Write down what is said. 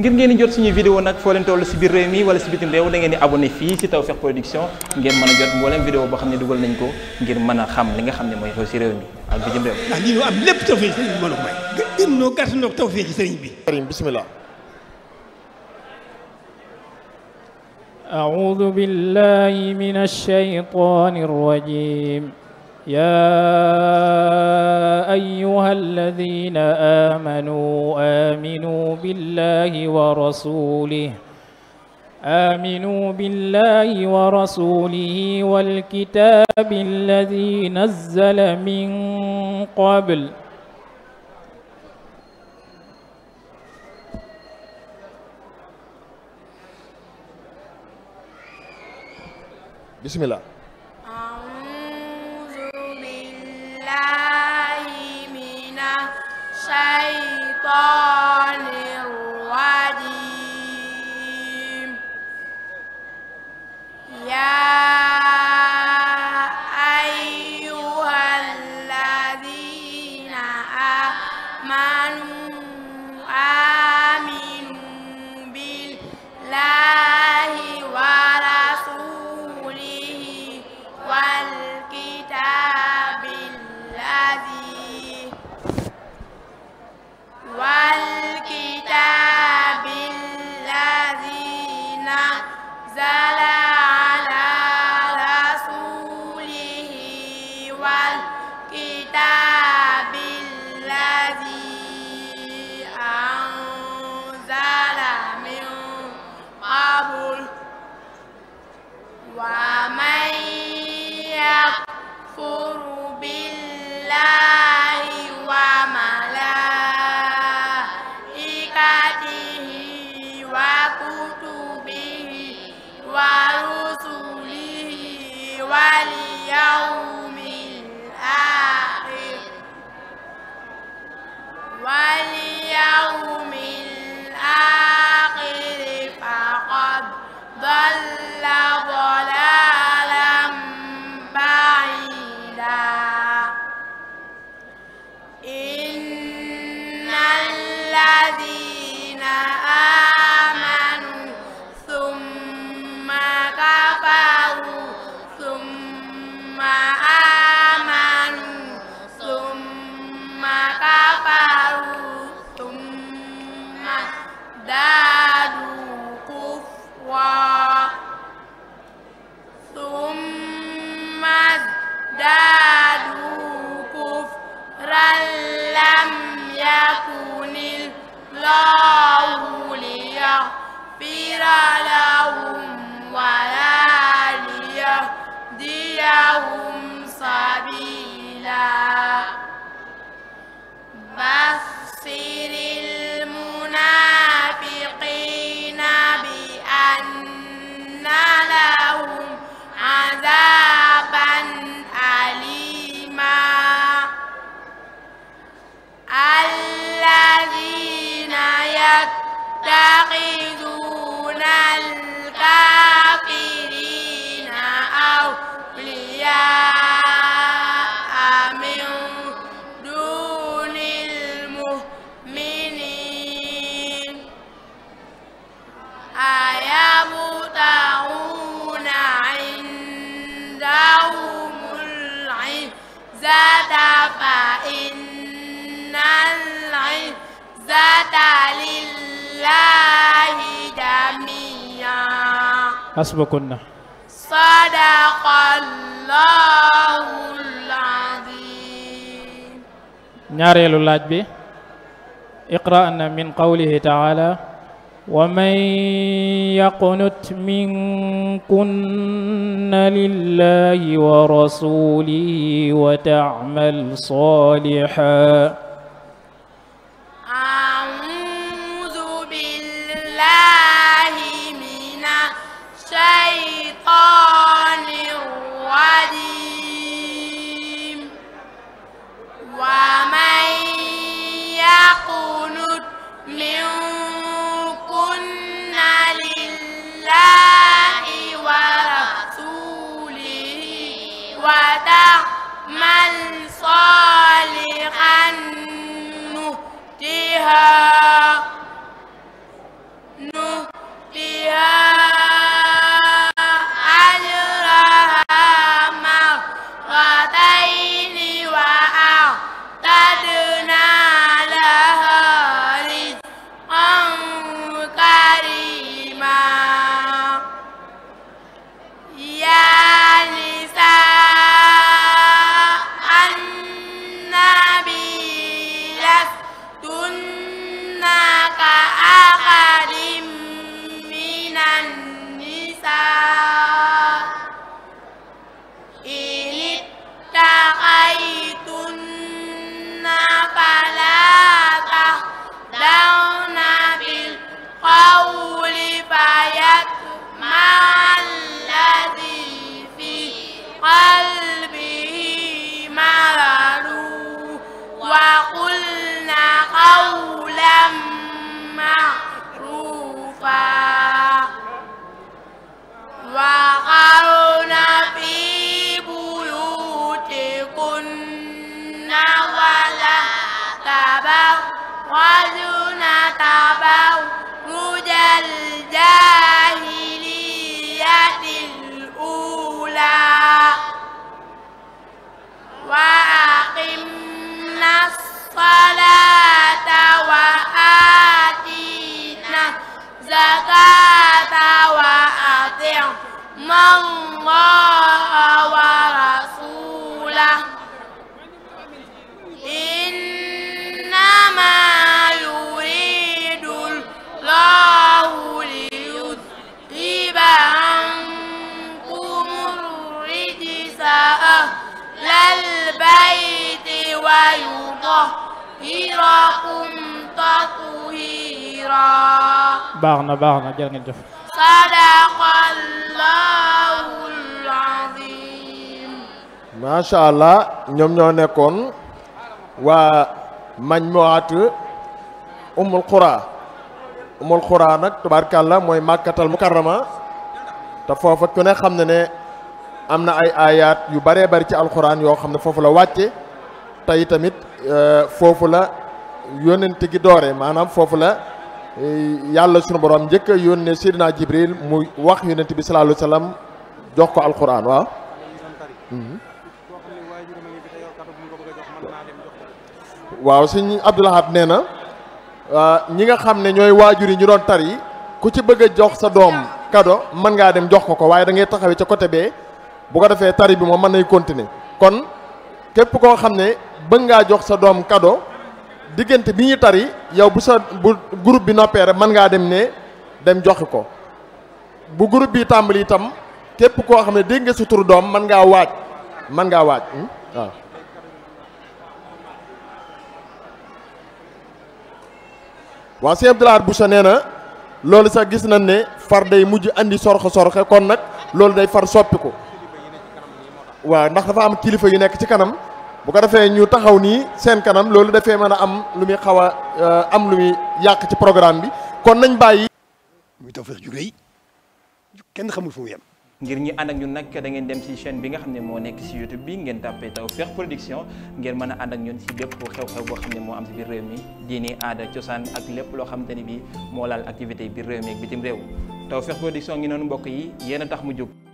ngir ngeen di jot suñuy vidéo nag foo leen toll si biir réew mi wala si bitim réew da ngeen di abonné fii si Tawfekh Production ngeen mën a jot mboolem vidéo boo xam ne dugal nañ ko ngir mën a xam li nga xam ne mooy xew si réew mi ak bitim réew. ndax am lépp tawfeex sëriñ bi mën a ko may. gën noo gàtt noo يا أيها الذين آمنوا آمنوا بالله ورسوله آمنوا بالله ورسوله والكتاب الذي نزل من قبل بسم الله والكتاب wali ولله جميعا حسبكن صدق الله العظيم ñaareelu laaj bi iqra'na min qawlihi ta'ala ومن يقنت منكن لله ورسوله وتعمل صالحا وقلنا قولا معروفا وقرن في بيوتكن ولا تبرجن لكم تطهيرا baax na baax na jërë ngeen jëf allah ñoom ñoo nekkoon waa majmuwaat umul qura umul qura nag tubaarkàlla mooy màkkatal mukarrama te foofa ku xam na ne am na ay ayat yu baree bari ci alxuraan yoo xam ne foofu la wàcce tey tamit euh, foofu la yónnent gi doore maanaam foofu la e, yàlla sunu borom njëkk a yónnee Seydina Jibril mu wax yónnent bi sallallahu alayhi wa sallam jox ko alxuraan waaw. Mhm. waaw sëñ Abdou nee na ñi nga xam ne ñooy waajur yi ñu doon tari ku ci bëgg a jox sa doom kado mën ngaa dem jox ko ko waaye da ngay taxawee ca côté bee bu ko defee tari bi moom mën nay continuer kon képp koo xam ne bëgg ngaa jox sa doom kado diggante bi ñu tari yow bu sa bu groupe bi noppee rek mën ngaa dem ne dem jox ko bu groupe bi tàmbali itam képp koo xam ne dégg nga sa doom man ngaa waaj man ngaa waaj waa hmm? waaw sëñ Abdou Lahad Bousso nee na loolu sa gis na ne far day mujj indi sorxe sorxe kon nag loolu day far soppiku waaw ndax dafa am kilifa yu nekk ci kanam. bu ko defee ñu taxaw nii seen kanam loolu dafay mën a am lu muy xaw a euh, am lu muy yàq ci programme bi kon nañ bàyyi. muy Tawfekh ju rëy kenn xamul fu mu yem. ngir ñi ànd ak ñun nag da ngeen dem ci chaine bi nga xam ne moo nekk ci YouTube bii ngeen tàppee Tawfekh Production ngeen mën a ànd ak ñun ci bépp xew-xew boo xam ne moo am ci biir réew mi diini aada cosaan ak lépp loo xamante ni bi moo laal activité biir réew mi ak bitim réew Tawfekh Production ngi noonu mbokk yi yéen a tax mu jóg.